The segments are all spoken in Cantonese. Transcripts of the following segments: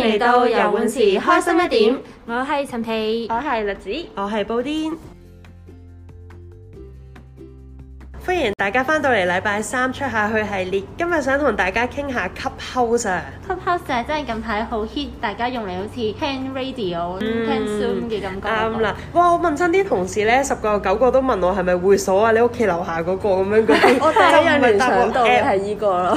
嚟到遊泳池，開心一點。我係陳皮，我係栗子，我係布丁。歡迎大家翻到嚟禮拜三出下去系列，今日想同大家傾下 clubhouse。clubhouse 真係近排好 hit，大家用嚟好似聽 radio、聽 zoom 嘅感覺。啱啦，哇！我問親啲同事咧，十個九個都問我係咪會所啊？你屋企樓下嗰個咁樣講。我第一日聯想到係依個咯。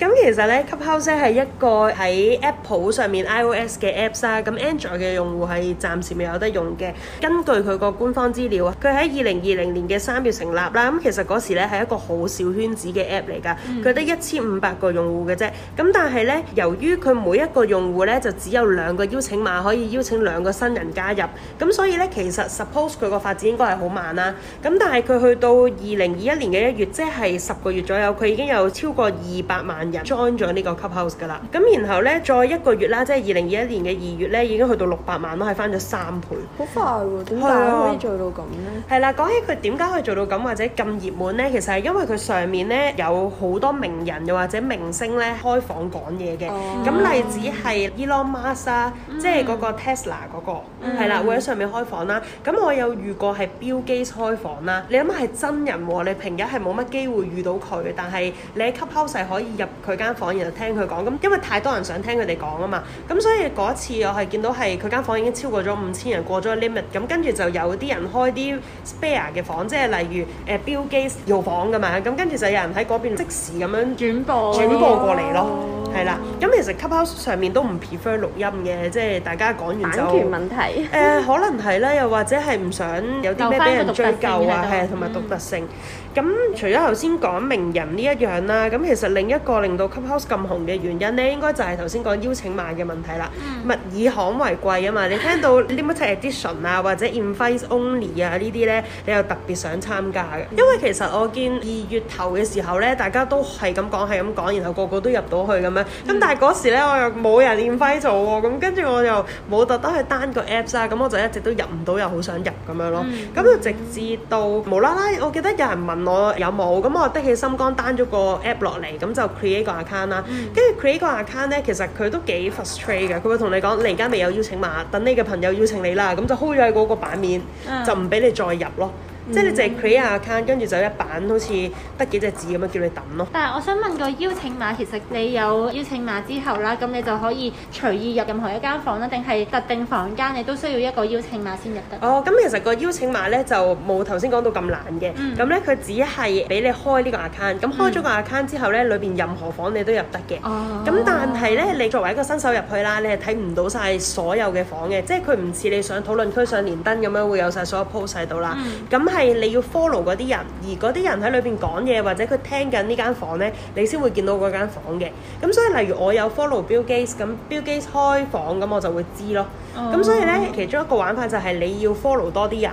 咁其實咧，clubhouse 係一個喺 Apple 上面 iOS 嘅 Apps 啊。咁 Android 嘅用戶係暫時未有得用嘅。根據佢個官方資料，佢喺二零二零年嘅三月成立。啦咁，其實嗰時咧係一個好小圈子嘅 app 嚟㗎，佢得一千五百個用戶嘅啫。咁但係咧，由於佢每一個用戶咧就只有兩個邀請碼可以邀請兩個新人加入，咁所以咧其實 suppose 佢個發展應該係好慢啦。咁但係佢去到二零二一年嘅一月，即係十個月左右，佢已經有超過二百萬人 join 咗呢個 Clubhouse 㗎啦。咁然後咧再一個月啦，即係二零二一年嘅二月咧，已經去到六百萬啦，係翻咗三倍。好快喎、啊！點解可以做到咁咧？係啦、啊，講起佢點解可以做到咁？或者咁熱門呢，其實係因為佢上面呢有好多名人又或者明星呢開房講嘢嘅。咁、oh. 例子係 Elon Musk 即係嗰個 Tesla 嗰、那個係啦、mm.，會喺上面開房啦、啊。咁我有遇過係 Bill Gates 開房啦、啊。你諗下係真人喎、啊，你平日係冇乜機會遇到佢，但係你喺 Clubhouse 可以入佢間房，然後聽佢講。咁因為太多人想聽佢哋講啊嘛，咁所以嗰次我係見到係佢間房已經超過咗五千人過咗 limit，咁跟住就有啲人開啲 spare 嘅房，即係例如。誒 Bill Gates 搖房㗎嘛，咁跟住就有人喺嗰邊即時咁樣轉播轉播過嚟咯。係啦，咁其實 Clubhouse 上面都唔 prefer 錄音嘅，即係大家講完就版權問題。誒、 呃，可能係啦，又或者係唔想有啲咩俾人追究啊，係同埋獨特性。咁、嗯、除咗頭先講名人呢一樣啦，咁其實另一個令到 Clubhouse 咁紅嘅原因咧，應該就係頭先講邀請碼嘅問題啦。嗯、物以罕為貴啊嘛，你聽到啲乜七 edition 啊， 或者 invite only 啊呢啲咧，你又特別想參加嘅，嗯、因為其實我見二月頭嘅時候咧，大家都係咁講，係咁講，然後個個都入到去咁樣。咁、嗯、但係嗰時咧，我又冇人練揮做喎，咁跟住我又冇特登去 down 個 app 啦，咁我就一直都入唔到，又好想入咁樣咯。咁就、嗯、直至到無啦啦，我記得有人問我有冇，咁我得起心肝 down 咗個 app 落嚟、嗯，咁就 create 個 account 啦。跟住 create 個 account 咧，其實佢都幾 frustrate 㗎，佢會同你講：你而家未有邀請碼，等你嘅朋友邀請你啦。咁就 hold 咗喺嗰個版面，嗯、就唔俾你再入咯。嗯、即係你 account, 淨係 create account，跟住就有一版好似得幾隻字咁樣叫你等咯。但係我想問個邀請碼，其實你有邀請碼之後啦，咁你就可以隨意入任何一間房啦，定係特定房間你都需要一個邀請碼先入得？哦，咁、嗯、其實個邀請碼咧就冇頭先講到咁難嘅，咁咧佢只係俾你開呢個 account。咁開咗個 account 之後咧，裏邊、嗯、任何房你都入得嘅。哦。咁但係咧，你作為一個新手入去啦，你係睇唔到晒所有嘅房嘅，即係佢唔似你想討論區上連登咁樣會有晒所有 post 晒到啦。咁、嗯。嗯係你要 follow 嗰啲人。而嗰啲人喺裏邊講嘢或者佢聽緊呢間房呢，你先會見到嗰間房嘅。咁所以例如我有 follow Bill Gates，咁，Bill Gates 開房咁我就會知咯。咁、oh. 所以呢，其中一個玩法就係你要 follow 多啲人，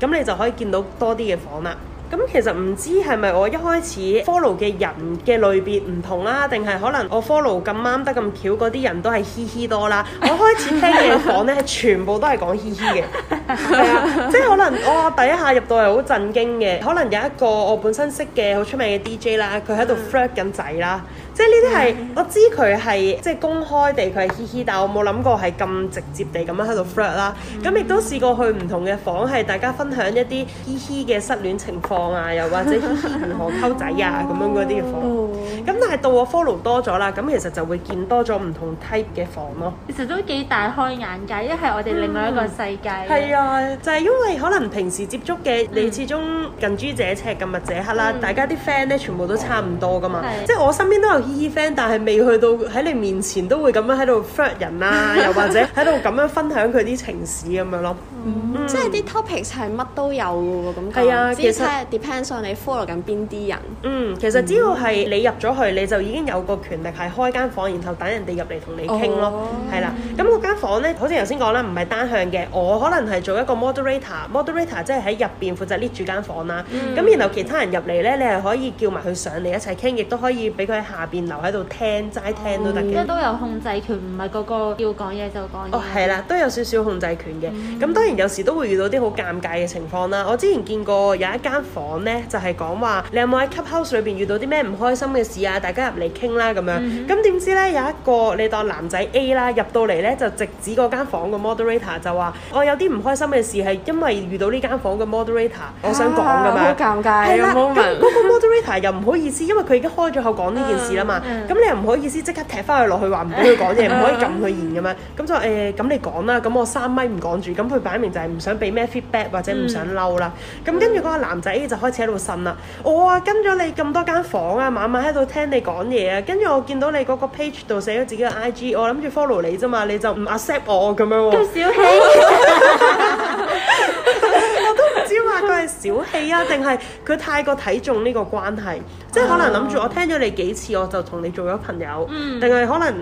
咁你就可以見到多啲嘅房啦。咁其實唔知係咪我一開始 follow 嘅人嘅類別唔同啦、啊，定係可能我 follow 咁啱得咁巧，嗰啲人都係嘻嘻多啦、啊。 我開始聽嘅房咧，全部都係講嘻嘻嘅，係啊，即係可能我第一下入到係好震驚嘅。可能有一個我本身識嘅好出名嘅 DJ 啦，佢喺度 flirt 緊仔啦。即係呢啲係我知佢係即係公開地佢係嘻嘻，但係我冇諗過係咁直接地咁、嗯、樣喺度 flirt 啦。咁亦都試過去唔同嘅房，係大家分享一啲嘻嘻嘅失戀情況啊，又或者嘻嘻如何溝仔啊咁、哦、樣嗰啲嘅房。咁但係到我 follow 多咗啦，咁其實就會見多咗唔同 type 嘅房咯。其實都幾大開眼界，一係我哋另外一個世界。係、嗯、啊，就係、是、因為可能平時接觸嘅你，始終、嗯、近朱者赤近墨者黑啦。姐姐姐嗯、大家啲 friend 咧全部都差唔多㗎嘛。的即係我身邊都有。E.E.Friend，但係未去到喺你面前都會咁樣喺度 friend 人啦、啊， 又或者喺度咁樣分享佢啲情史咁樣咯。 嗯、即係啲 topics 係乜都有喎，咁講、嗯。啊、嗯，其實 depends on 你 follow 緊邊啲人。嗯，其實只要係你入咗去，你就已經有個權力係開間房，然後等人哋入嚟同你傾咯，係啦、哦。咁嗰、那個、間房咧，好似頭先講啦，唔係單向嘅。我可能係做一個 moderator，moderator 即係喺入邊負責 lead 住間房啦。咁、嗯、然後其他人入嚟咧，你係可以叫埋佢上嚟一齊傾，亦都可以俾佢喺下。留喺度聽，齋聽都得嘅。而家、哦、都有控制權，唔係個個要講嘢就講嘢。哦，係啦，都有少少控制權嘅。咁、嗯、當然有時都會遇到啲好尷尬嘅情況啦。我之前見過有一間房咧，就係、是、講話你有冇喺 clubhouse 裏邊遇到啲咩唔開心嘅事啊？大家入嚟傾啦咁樣。咁點、嗯、知咧有一個你當男仔 A 啦，入到嚟咧就直指嗰間房嘅 moderator 就話：我有啲唔開心嘅事係因為遇到呢間房嘅 moderator，我想講㗎嘛。好、啊、尷尬啊！嗰個 moderator 又唔好意思，因為佢已經開咗口講呢件事啦。嗯嘛，咁、嗯、 你又唔好意思即刻踢翻佢落去，話唔俾佢講嘢，唔可以撳佢言咁樣，咁就誒，咁、欸、你講啦，咁我三米唔講住，咁佢擺明就係唔想俾咩 feedback 或者唔想嬲啦，咁跟住嗰個男仔就開始喺度呻啦，我、喔、啊跟咗你咁多間房啊，晚晚喺度聽你講嘢啊，跟住我見到你嗰個 page 度寫咗自己嘅 IG，我諗住 follow 你啫嘛，你就唔 accept 我咁樣喎、哦。咁小氣。 小氣啊？定係佢太過睇重呢個關係，即係可能諗住我聽咗你幾次，我就同你做咗朋友，定係、嗯、可能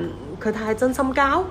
佢太真心交？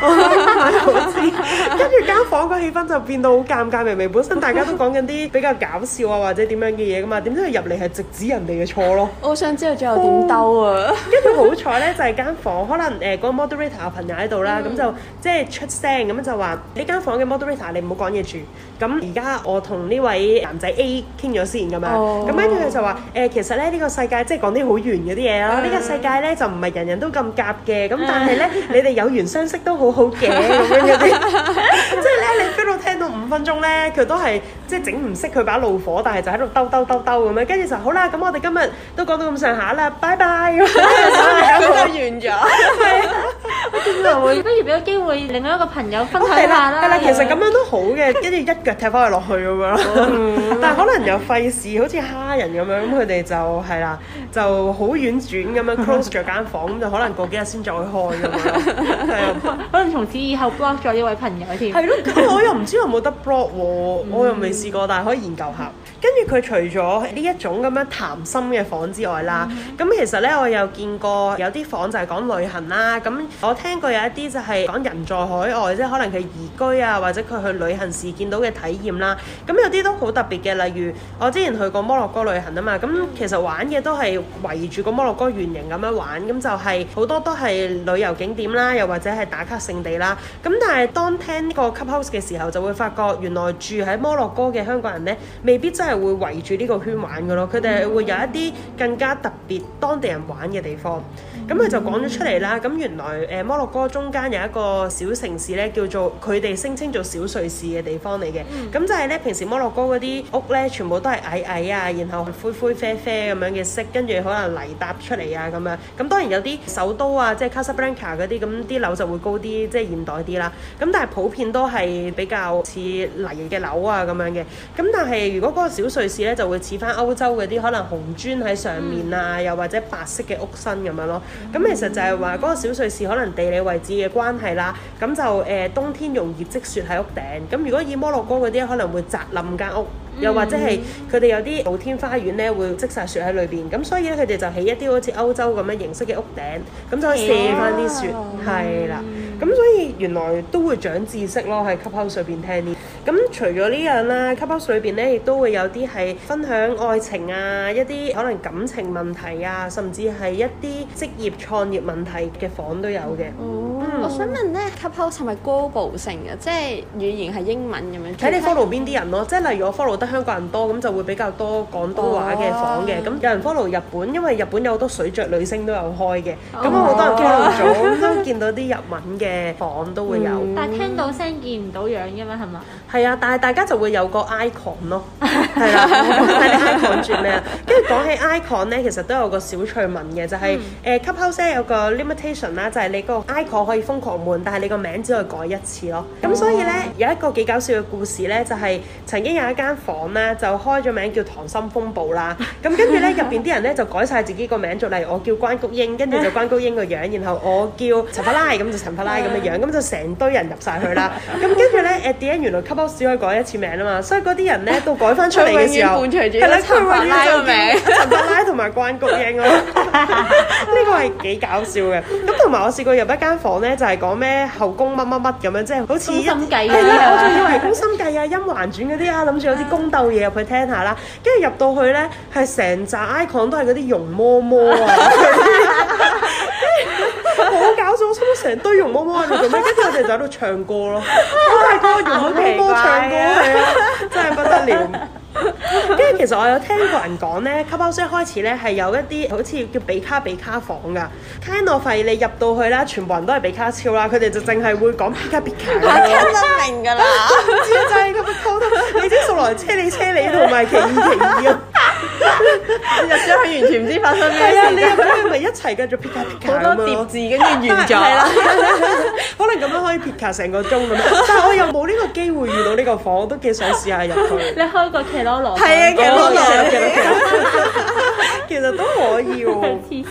我唔係好知，跟住間房個氣氛就變到好尷尬，明明本身大家都講緊啲比較搞笑啊或者點樣嘅嘢噶嘛，點知佢入嚟係直指人哋嘅錯咯。我想知道最後點兜啊！跟住好彩咧，就係間房可能誒個 moderator 嘅朋友喺度啦，咁就即係出聲咁就話：呢間房嘅 moderator 你唔好講嘢住。咁而家我同呢位男仔 A 傾咗先咁樣。咁跟住佢就話：誒其實咧呢個世界即係講啲好圓嗰啲嘢咯。呢個世界咧就唔係人人都咁夾嘅。咁但係咧你哋有緣相識都好。好好嘅咁樣嗰啲，即係咧你飛到聽到五分鐘咧，佢都係即係整唔熄佢把怒火，但係就喺度兜兜兜兜咁樣，跟住就好啦。咁我哋今日都講到咁上下啦，拜拜咁就完咗。不如俾個機會另外一個朋友分享下啦。係啦、哦，其實咁樣都好嘅，跟住 一腳踢翻佢落去咁樣。 嗯嗯、 但係可能又費事，好似蝦人咁樣。咁佢哋就係啦，就好婉轉咁樣 close 著間房，咁就 可能過幾日先再開咁樣。係啊， 可能從此以後 block 咗呢位朋友添。係咯、 嗯，咁我又唔知有冇得 block 喎，我又未試過，但係可以研究下。跟住佢除咗呢一種咁樣談心嘅房之外啦，咁、嗯、其實咧我又見過有啲房就係講旅行啦。咁我聽過有一啲就係講人在海外，即係可能佢移居啊，或者佢去旅行時見到嘅體驗啦。咁有啲都好特別嘅，例如我之前去過摩洛哥旅行啊嘛。咁其實玩嘅都係圍住個摩洛哥圓形咁樣玩，咁就係、是、好多都係旅遊景點啦，又或者係打卡聖地啦。咁但係當聽呢個 clubhouse 嘅時候，就會發覺原來住喺摩洛哥嘅香港人咧，未必真係。會圍住呢個圈玩噶咯，佢哋會有一啲更加特別當地人玩嘅地方。咁佢就講咗出嚟啦。咁原來誒摩洛哥中間有一個小城市咧，叫做佢哋聲稱做小瑞士嘅地方嚟嘅。咁就係咧，平時摩洛哥嗰啲屋咧，全部都係矮矮啊，然後灰灰啡啡咁樣嘅色，跟住可能泥搭出嚟啊咁樣。咁當然有啲首都啊，即係 Casablanca 嗰啲，咁啲樓就會高啲，即係現代啲啦。咁但係普遍都係比較似泥嘅樓啊咁樣嘅。咁但係如果嗰個小小瑞士咧就會似翻歐洲嗰啲可能紅磚喺上面啊，嗯、又或者白色嘅屋身咁樣咯。咁、嗯、其實就係話嗰個小瑞士可能地理位置嘅關係啦。咁就誒、呃、冬天容易積雪喺屋頂。咁如果以摩洛哥嗰啲、嗯、可能會砸冧間屋，又或者係佢哋有啲露天花園咧會積晒雪喺裏邊。咁所以咧佢哋就起一啲好似歐洲咁樣形式嘅屋頂，咁就可以卸翻啲雪，係啦、嗯。咁所以原來都會長知識咯，喺 clubhouse 入邊聽啲。咁除咗呢樣啦，clubhouse 入邊咧亦都會有啲係分享愛情啊，一啲可能感情問題啊，甚至係一啲職業創業問題嘅房都有嘅。Oh. 我想問咧，Clubhouse 係咪高級性嘅？即係語言係英文咁樣。睇你 follow 邊啲人咯，即係例如我 follow 得香港人多，咁就會比較多廣東話嘅房嘅。咁有人 follow 日本，因為日本有好多水著女星都有開嘅，咁我好多人 follow 咗，咁見到啲日文嘅房都會有。但係聽到聲見唔到樣嘅咩係嘛？係啊，但係大家就會有個 icon 咯，係啦，睇你 icon 住咩啊？跟住講起 icon 咧，其實都有個小趣聞嘅，就係誒 Clubhouse 咧有個 limitation 啦，就係你個 icon 可以瘋狂換，但係你個名只可以改一次咯。咁、oh. 所以咧，有一個幾搞笑嘅故事咧，就係、是、曾經有一間房咧，就開咗名叫溏心風暴啦。咁跟住咧，入邊啲人咧就改晒自己個名，就例如我叫關菊英，跟住就關菊英個樣，然後我叫陳法拉，咁就陳法拉咁嘅樣，咁 就成堆人入晒去啦。咁跟住咧，at the end，原來 couple 只可以改一次名啊嘛，所以嗰啲人咧都改翻出嚟嘅時候，係啦 實，陳法 拉個名，陳法拉同埋關菊英咯。呢 個係幾搞笑嘅。咁同埋我試過入一間房咧。就係講咩後宮乜乜乜咁樣，即、就、係、是、好似一係啦、啊哎，我仲以為係宮心計啊、甄嬛傳嗰啲啊，諗住有啲宮鬥嘢入去聽下啦，跟住入到去咧，係成集 icon 都係嗰啲容嬤嬤啊，好搞笑，差唔多成堆容嬤嬤喺度做咩，跟住我哋就喺度唱歌咯，哇，個容嬤嬤唱歌嘅，真係不得了！跟住 其實我有聽過有人講咧，clubhouse 一開始咧係有一啲好似叫比卡比卡房噶，卡諾費你入到去啦，全部人都係比卡超啦，佢哋就淨係會講比卡比卡啦，真係明㗎啦，唔知 就係咁樣溝通你知數來車你車你同埋奇異奇異啊。入咗去完全唔知發生咩事。係啊，你入咗去咪一齊繼續撇卡撇卡咁啊！好多疊字跟住完咗。係啦，可能咁樣可以撇卡成個鐘咁。但係我又冇呢個機會遇到呢個房，我都幾想試下入去。你開過騎羅羅？係啊，騎羅羅。其實都可以喎。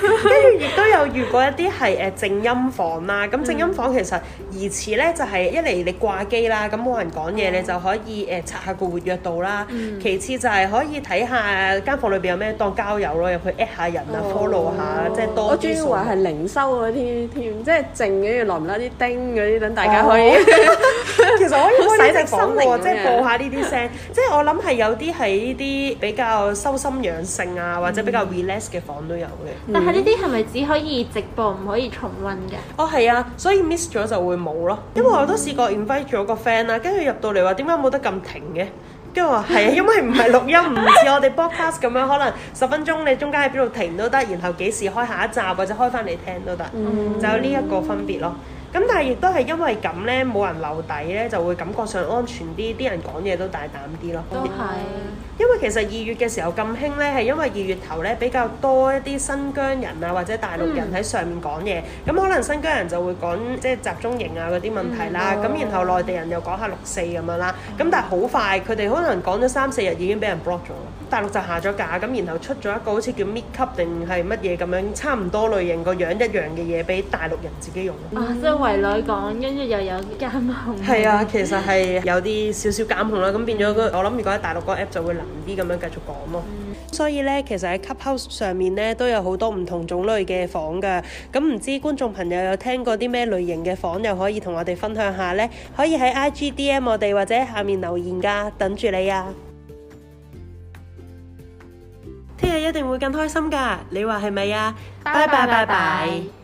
跟住亦都有遇過一啲係誒靜音房啦。咁靜音房其實，疑似咧就係一嚟你掛機啦，咁冇人講嘢，你就可以誒測下個活躍度啦。其次就係可以睇下間房裏邊有咩當交友咯，入去 at 下人啊、哦、follow 下，即係多啲。我仲以為係靈修嗰啲添，即係靜嘅，啲，落唔甩啲叮嗰啲，等大家可以。哦、 其實可以可以心喎，嗯、即係播下呢啲聲。即係我諗係有啲係呢啲比較修心養性啊，或者比較 relax 嘅房都有嘅。嗯、但係呢啲係咪只可以直播唔可以重溫嘅？嗯、哦係啊，所以 miss 咗就會冇咯。嗯、因為我都試過 invite 咗個 friend 啊，跟住入到嚟話點解冇得咁停嘅？跟住話係啊，因為唔係錄音，唔似 我哋 podcast 咁樣，可能十分鐘你中間喺邊度停都得，然後幾時開下一集或者開翻嚟聽都得，嗯、就呢一個分別咯。咁、嗯、但係亦都係因為咁呢，冇人留底呢，就會感覺上安全啲，啲人講嘢都大膽啲咯。都係是。因為其實二月嘅時候咁興呢，係因為二月頭呢，比較多一啲新疆人啊或者大陸人喺上面講嘢，咁、嗯嗯、可能新疆人就會講即係集中營啊嗰啲問題啦，咁、嗯、然後內地人又講下六四咁樣啦，咁、嗯、但係好快佢哋可能講咗三四日已經俾人 block 咗，大陸就下咗架，咁然後出咗一個好似叫 mid 級定係乜嘢咁樣，差唔多類型個樣一樣嘅嘢俾大陸人自己用。嗯圍女講，跟住又有監控。係啊， 其實係有啲少少監控啦，咁、嗯、變咗我諗如果喺大陸嗰 app 就會難啲咁樣繼續講咯。嗯、所以呢，其實喺 Clubhouse 上面呢，都有好多唔同種類嘅房噶。咁唔知觀眾朋友有聽過啲咩類型嘅房，又可以同我哋分享下呢？可以喺 IGDM 我哋或者下面留言噶，等住你啊！聽日一定會更開心噶，你話係咪啊？拜拜拜拜。拜拜拜拜。